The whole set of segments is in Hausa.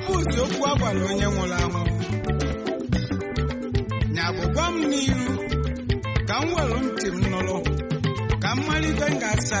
ọbụzi okwu a gwara onye nwụrụ anwụ nyabụ gwa m n'ihu ka m were ntị m nụrụ ka m malite m ga-asa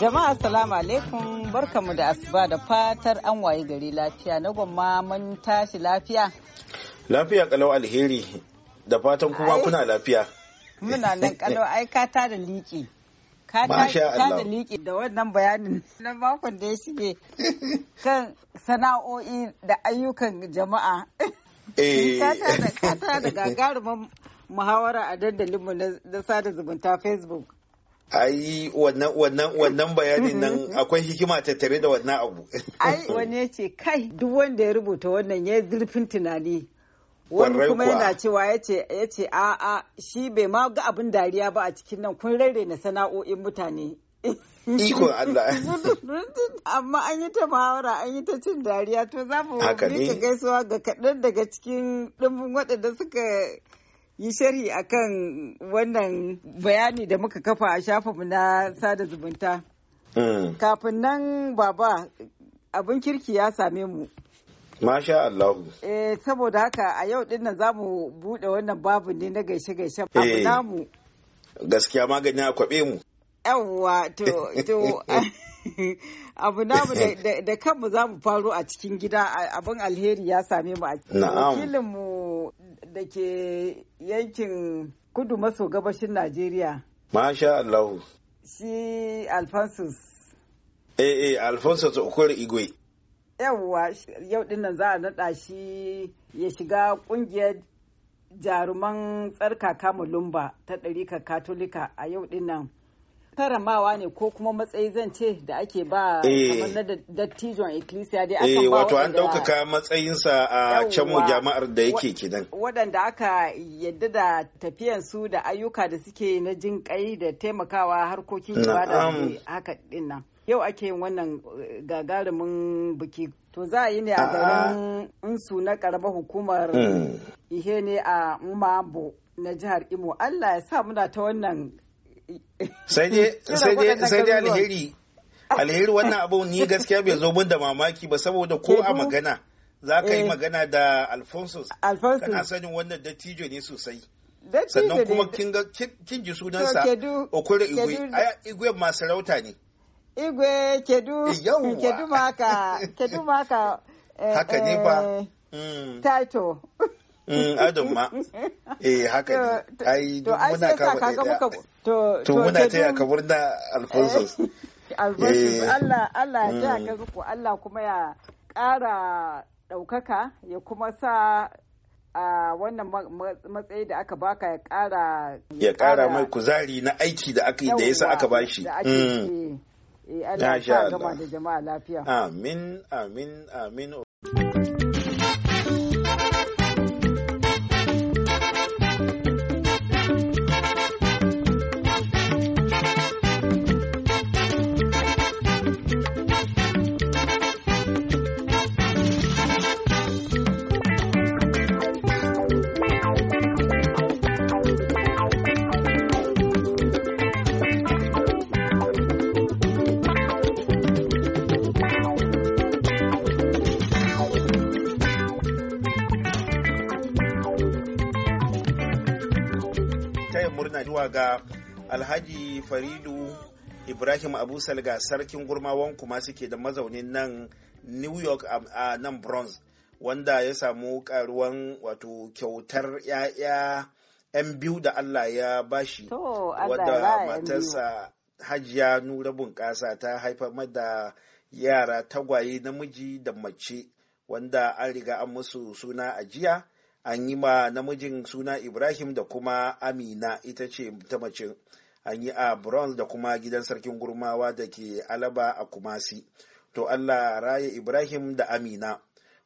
Jama'a salamu alaikum barkamu da asuba da fatar an waye gari lafiya na gwamma mun tashi lafiya. Lafiya kalau alheri da fatan kuma kuna lafiya. Muna nan kalau ai ka ta da liƙi. Ka ta da liƙi da wannan bayanin na makon da ya shige kan sana'o'i da ayyukan jama'a. Eh. Ka ta da gagarumin muhawara a dandalinmu na sada zumunta facebook ai wannan bayanin nan akwai hikima tattare da wannan abu ai wani ya ce kai duk wanda ya rubuta wannan ya zurfin tunani wani kuma yana cewa ya ce a a shi bai ma ga abin dariya ba a cikin nan kun na sana'o'in mutane Iko Allah. Amma an yi ta muhawara an yi ta cin dariya to za mu gaisuwa ga kaɗan daga cikin ɗumbin waɗanda suka yi sharhi akan wannan bayani da muka kafa a shafinmu na sada zumunta. Mm. Kafin nan baba abin kirki ya same mu. Masha Allah. Eh saboda haka a yau din nan za mu bude wannan babu ne na gaishe gaishe babu eh. namu. Gaskiya magani a kwabe mu. Yawwa to to abu namu da kanmu za mu faru a cikin gida abin alheri ya same mu a cikin mu da ke yankin kudu maso gabashin Najeriya. Masha Allah. Shi Alphonsus. Eh eh Alphonsus Okor Igwe. Yawwa yau din nan za a naɗa shi ya shiga ƙungiyar jaruman tsarkaka mulumba ta ɗarika katolika a yau din nan. karamawa ne ko kuma matsayi zan ce da ake ba eh. kamar na dattijon ecclesia dai eh, akan ba wato an ɗaukaka matsayinsa a can jama'ar da yake kidan waɗanda aka yadda da tafiyansu da ayyuka da suke na jin kai da taimakawa harkokin ibada haka din nan yau ake yin wannan eh, gagarumin biki to za a yi ne a garin insu na karamar hukumar hmm. ihe ne a mambo na jihar Imo Allah ya sa muna ta wannan sai dai alheri alheri wannan abu ni gaskiya bai zo mun da mamaki ba saboda ko a eh, magana za ka yi eh. magana da alfonso kana sanin wannan dattijo ne sosai sannan kuma kin ji sunansa okoro igwe igwe ma sarauta ne igwe kedu eh, kedu maka kedu maka haka ne ba hmm. taito Mm, adon ma eh haka ne ai muna kawo ɗaya to muna taya ka alfonso eh. Allah ya ga zuku mm. Allah kuma ya ƙara ɗaukaka ya kuma sa a wannan matsayi da aka baka ya ƙara ya ƙara mai kuzari na aiki da aka da yasa aka bashi mm. eh, Allah ya da jama'a lafiya amin amin amin ga alhaji faridu ibrahim abu salga sarkin gurmawan kuma suke da mazaunin nan new york um, a nan bronze wanda ya samu karuwan wato kyautar 'ya'ya 'yan biyu da allah ya bashi wadda matarsa hajiya nura bunƙasa ta haifar da yara tagwaye namiji da mace wanda an riga an musu suna a jiya an yi ma namijin suna ibrahim da kuma amina ita ce ta mace an yi a bronze da kuma gidan sarkin gurmawa da ke alaba a kumasi to allah raya ibrahim da amina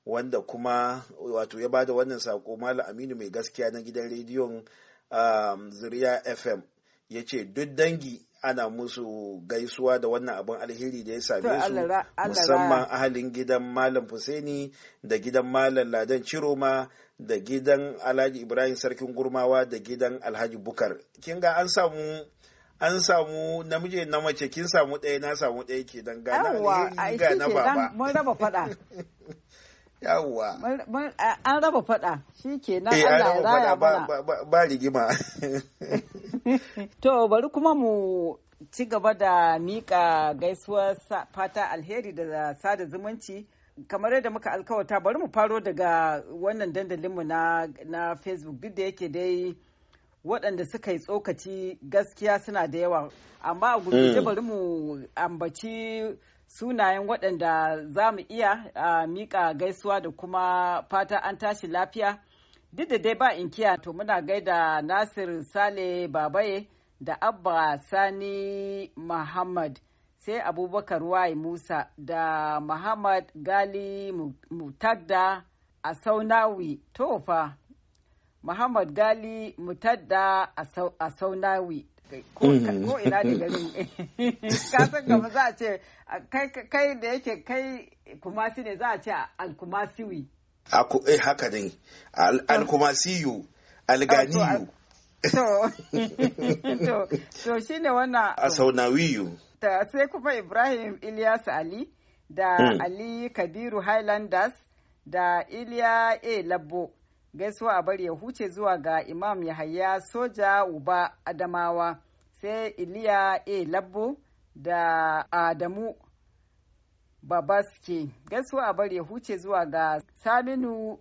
wanda kuma wato ya bada wannan sako malam aminu mai gaskiya na gidan rediyon um, zuriya fm ya ce duk dangi ana musu gaisuwa da wannan abin alheri da ya same su musamman ahalin gidan malam Fuseni da gidan malam Ladan Ciroma da gidan Alhaji Ibrahim Sarkin Gurmawa da gidan Alhaji Bukar kin ga an samu an samu namiji na mace kin samu ɗaya na samu ɗaya ke dan gane ga na baba mun raba fada yawwa an raba fada shikenan eh, Allah ya raya ba rigima To bari kuma mu ci gaba da mika gaisuwar fata alheri da sada zumunci. kamar yadda muka alkawata bari mu faro daga wannan dandalinmu na, na facebook duk da yake dai waɗanda suka yi tsokaci gaskiya suna da yawa amma a gurguje mm. bari mu ambaci sunayen waɗanda za mu iya mika gaisuwa da kuma fata an tashi lafiya Duk da dai ba inkiya to muna gaida Nasir Sale Babaye da Abba Sani Muhammad sai Abubakar Wai Musa da Muhammad Gali Mutadda a Saunawi Tofa. Muhammad Gali Mutadda a Saunawi ko ina da gari ka san gaba za a ce kai da yake kai kumasi ne za a ce alkumasiwi eh haka ne alkumasiyu oh. oh, alganiyu to shi ne wannan a saunawiyu sai kuma ibrahim ilyas ali da hmm. ali kabiru highlanders da iliya a labbo gaisuwa a bari ya huce zuwa ga imam yahaya soja uba adamawa sai iliya a labbo da adamu Babaske gaisuwa a bare huce zuwa ga Saminu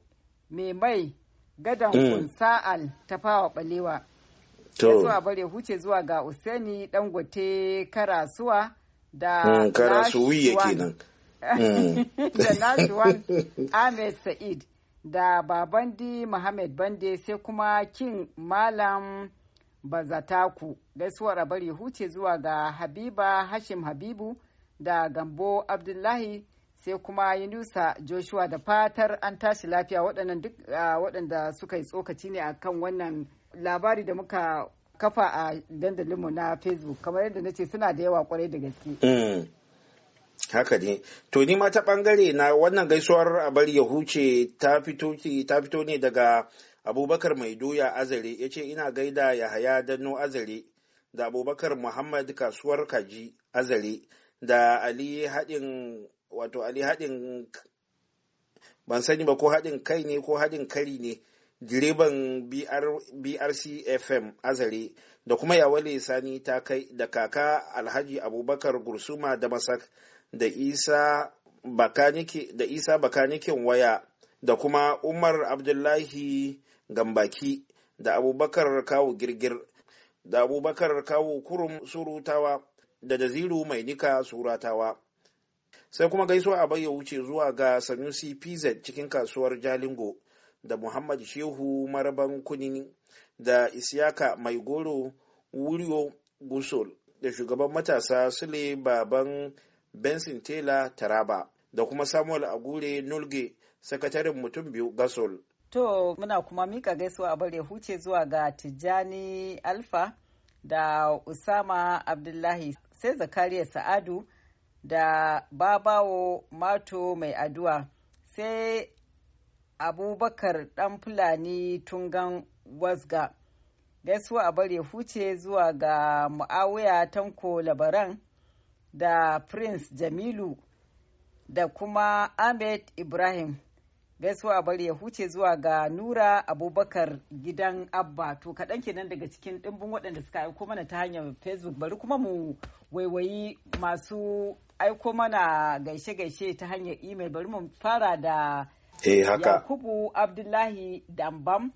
mai mai Gadon mm. sa'al ta fawa balewa. Gaisuwa a bare huce zuwa ga Useni Dangote Karasuwa da mm, mm. Nashuwan Ahmed Sa'id da Babandi mohamed Bande sai kuma kin Malam Bazataku gaisuwar a bare huce zuwa ga Habiba Hashim Habibu. da gambo abdullahi sai kuma yunusa joshua da fatar an tashi lafiya waɗannan duk waɗanda suka yi tsokaci ne akan wannan labari da muka kafa a dandalinmu na facebook kamar yadda na ce suna da yawa kwarai da gaske mm. haka ne to ni ma ta bangare na wannan gaisuwar a bari ya huce ta fito ne daga abubakar mai doya azare ya ce ina gaida yahaya dano azare da abubakar muhammad kasuwar kaji azare da ali haɗin wato ali haɗin ban sani ba ko haɗin kai ne ko haɗin kari ne direban brc fm azare da kuma yawale sani ta kai da kaka alhaji abubakar gursuma da masak da isa bakanikin waya da kuma umar abdullahi gambaki da abubakar kawo girgir da abubakar kawo kurum surutawa da daziru mai nika suratawa sai kuma gaisuwa a ya wuce zuwa ga sanusi pz cikin kasuwar jalingo da muhammad shehu maraban kuni da isiyaka mai goro wuriyo gusol da shugaban matasa sule baban benson taylor taraba da kuma samuel agure nulge sakataren mutum biyu gasol to muna kuma mika gaisuwa a bare huce zuwa ga tijjani alfa da usama abdullahi sai zakariya sa'adu da babawo mato mai addu'a sai abubakar dan fulani tungan wasga gaisuwa a bare huce zuwa ga mu'awiya tanko labaran da prince jamilu da kuma ahmed ibrahim gaisuwa a bari ya huce zuwa ga nura abubakar gidan abba to kaɗan kenan daga cikin ɗimbin waɗanda suka aiko mana ta hanyar facebook bari kuma mu waiwayi masu aiko mana gaishe-gaishe ta hanyar email bari mu fara da eh, yakubu abdullahi dambam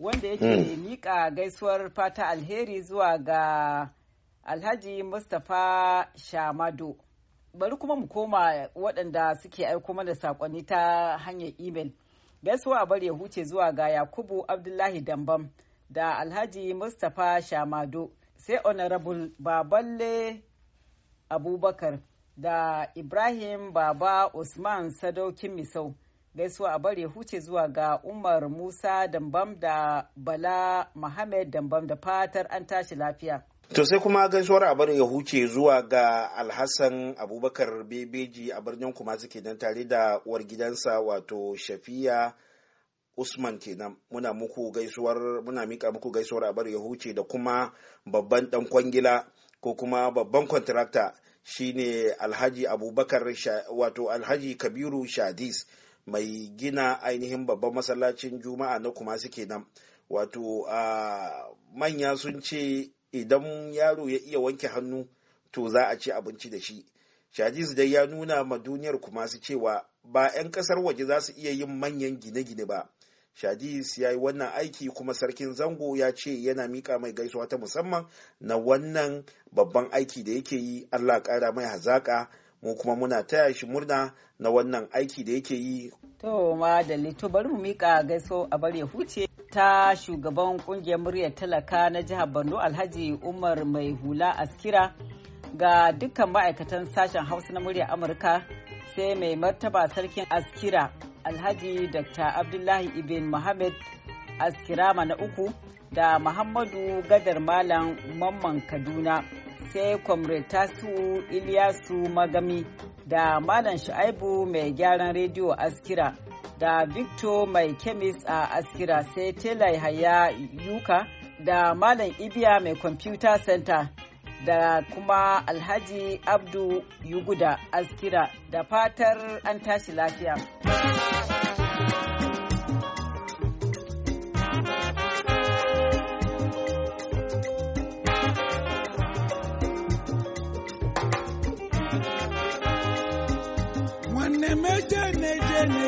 wanda yake hmm. miƙa gaisuwar fata alheri zuwa ga alhaji mustapha shamado bari kuma mu koma waɗanda suke aiko mana saƙonni ta hanyar imel gaisuwa a bari ya huce zuwa ga yakubu abdullahi dambam da alhaji mustapha shamado sai honorable baballe abubakar da ibrahim baba usman sadaukin misau gaisuwa a bari ya huce zuwa ga umar musa dambam da bala muhammad dambam da fatar an tashi lafiya To sai kuma gaisuwar abar ya huce zuwa ga Alhassan Abubakar Bebeji a birnin kuma suke nan tare da uwar gidansa wato Shafiya Usman kenan muna muku gaisuwar muna mika muku gaisuwar abar ya huce da kuma babban dan kwangila ko kuma babban kwantarakta shine Alhaji Abubakar wato Alhaji Kabiru Shadis mai gina ainihin babban masallacin Juma'a na kuma suke nan wato ah, manya sun ce idan yaro ya iya wanke hannu to za a ci abinci da shi shajiz dai ya nuna ma duniyar kuma su cewa ba 'yan kasar waje za su iya yin manyan gine-gine ba shajiz ya yi wannan aiki kuma sarkin zango ya ce yana mika mai gaisuwa ta musamman na wannan babban aiki da yake yi allah kara mai hazaka mu kuma muna taya shi murna na wannan aiki da yake yi to ma da bari mu mika gaiso a bari ya huce ta shugaban kungiyar muryar talaka na jihar Borno Alhaji Umar Mai Hula Askira ga dukkan ma'aikatan sashen Hausa na muryar Amurka sai mai martaba sarkin Askira Alhaji Dr. Abdullahi Ibn Muhammad Askirama na uku da Muhammadu Gadar Malam Mamman Kaduna sai Comrade Tasu Iliyasu Magami da Malam Shu'aibu mai gyaran rediyo Askira. da victor mai kemis a askira sai tela haya yuka da malam ibiya mai computer center da kuma alhaji abdu yuguda askira da fatar an tashi lafiya.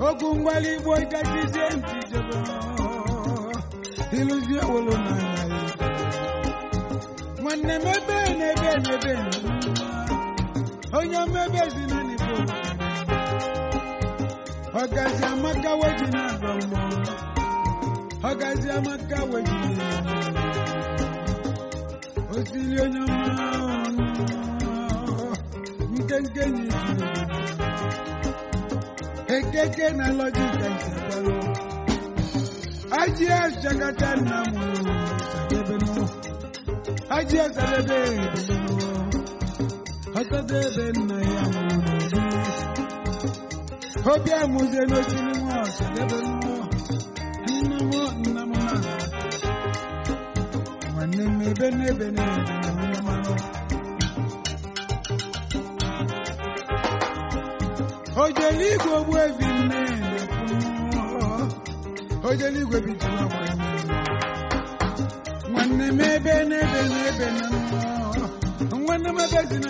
Ogungwali mgbali igbo gajizie ntị jebe ịlụzie wolu n'anya nwanne m ebe n'ebe n'ebe onye mmebe ezi na n'igbo Ogazi amaka weji na-agba mgbe. ọgazi amaka weji osiri onye mma nke nyi ekeke na lọjika isakpalụ na achakata nna m ajị asadebe ọsadebe nna ya obi amụzie ebe nwa ọsadebe mmụọ nne m nna m na nwanne m ebe n'ebe n'ebe ojele igwe ogbuebi nne ojele igwe bidoro ọgbanye nwanne m ebe nwanne m ebe na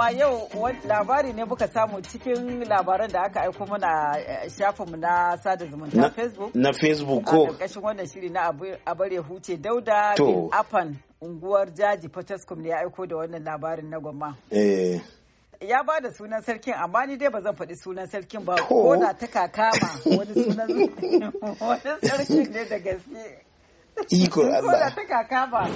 amma yau labari ne muka samu cikin labaran da aka aiko mana eh, shafinmu na sada zumunta facebook na facebook ko a ƙarƙashin wannan shiri na abare huce dauda to afan unguwar jaji potoskum ne ya aiko da wannan labarin na gwamma eh. ya ba da sunan sarkin amma ni dai ba zan faɗi sunan sarkin ba ko na ta kakama wani sunan sarkin ne da gaske Iko Allah. ta kaka ba.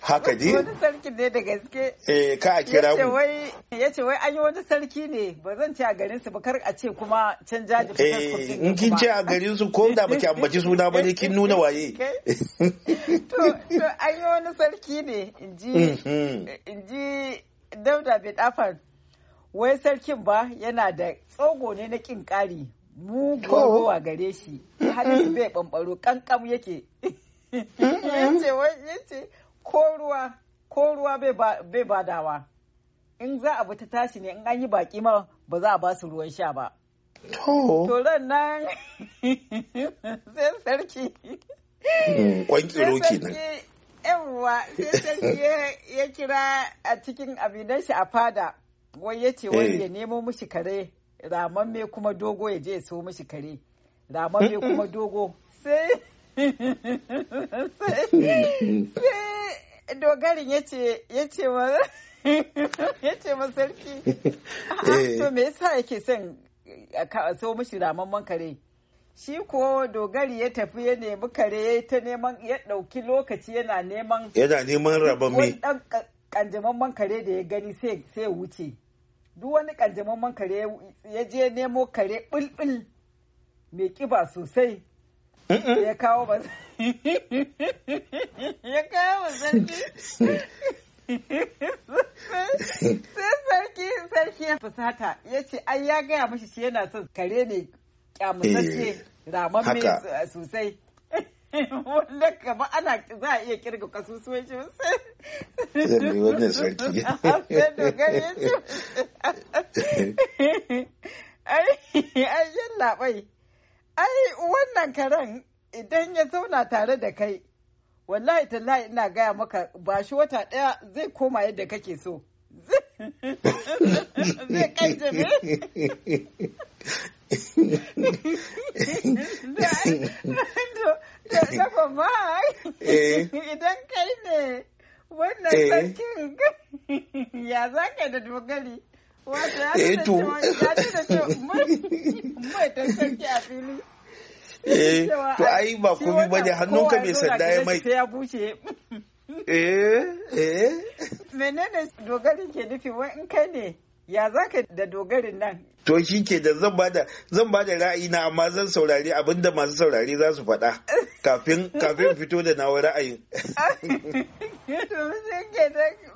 Haka ji? Wani sarki ne da gaske. Eh ka a kira mu. Ya ce wai an yi wani sarki ne ba zan ce a garin su ba kar a ce kuma can jaji Eh in kin ce a garin su ko da baki ambaci suna ba ne kin nuna waye. To to an yi wani sarki ne in ji mm-hmm. in ji Dauda bai dafar wai sarkin ba yana da tsogo ne na kin kari muguwar gare shi halin bai bambaro kankam yake yace ko ruwa ko ruwa bai badawa in za a bi ta tashi ne in an yi baki ma ba za a ba su ruwan sha ba to ran nan sai sarki mm, kwan kiro kenan yawwa sai sarki ya kira a cikin abinan shi a fada wai ya ce wai eh. ya nemo mishi kare ramamme kuma dogo ya je ya so mishi kare ramamme kuma dogo sai dogarin ya ce wa ya ah, eh. to me yasa yake son a so mashi ramamman kare shi ko dogari ya tafi ya nemi kare ya ta neman ya ɗauki lokaci yana neman yana neman rabami ɗan kanjamamman kare da ya gani sai wuce duk wani kanjamamman kare ya je nemo kare bulbul mai ƙiba sosai ya kawo ba ya kawo ba sarki sai sarki sarki ya fusata ya ce ai ya gaya mashi shi yana son kare ne kyamusacce eh, ramamme sosai wanda kama ana za a iya kirga kasusuwan shi sai wanda sarki sai dogara ya ce ai ai yan labai ai wannan karen idan ya zauna tare da kai wallahi tallahi ina gaya maka ba shi wata ɗaya zai koma yadda kake so zai kai jami da eh. idan kai ne wannan eh. sarkin ya za ka da dogari eh to eh to ai ba komai bane hannunka mai sanda ya mai ya bushe eh eh menene dogari ke nufi wai in kai ne ya za ka da dogarin nan to shi ke da zan bada zan ra'ayi na amma zan saurari abinda masu saurari za su faɗa kafin kafin fito da nawa ra'ayin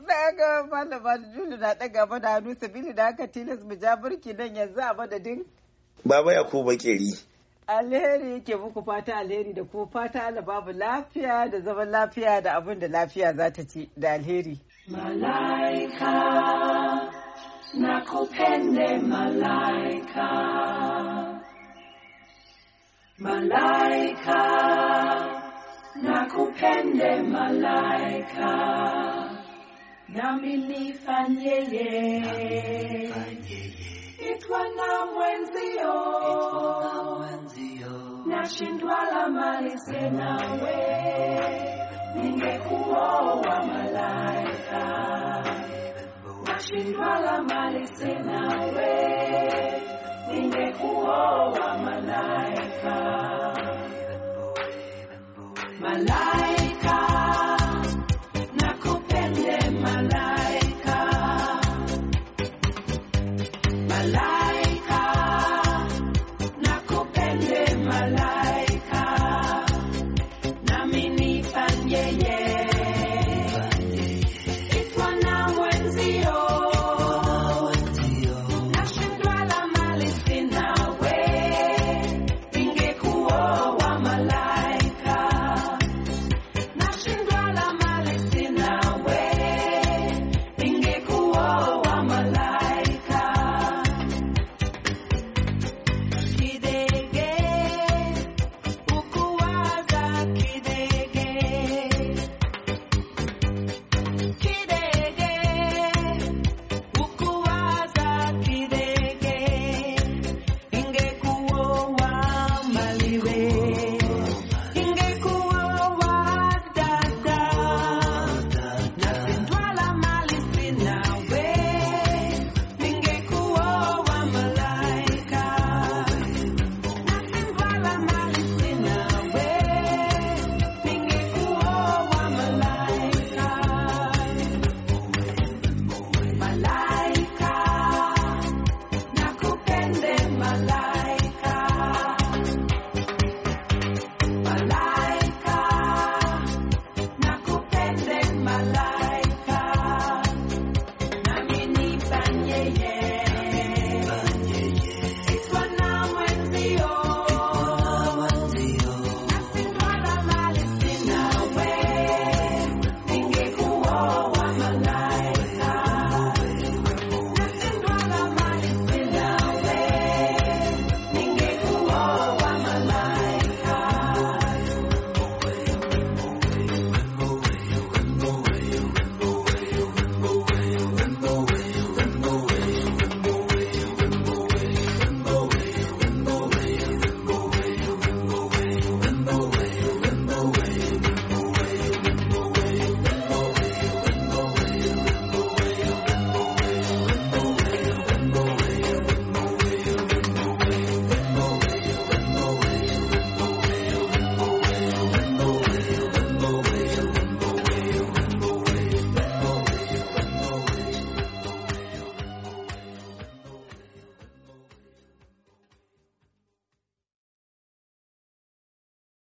da malama Julu na ɗaga da hannu sabili da aka tilas mu ja burki nan yanzu a madadin baba ya ko bakeri alheri yake muku fata alheri da ko fata ala babu lafiya da zaman lafiya da abin da lafiya za ta ci da alheri Malaika nakopende malaika malaika nakupende malaika nami nifanye yeye itwa na mwenzio nashindwa la mali senawe ningekuoa malaika Shindwala mali sina we, ningekuoa malaika, malaika.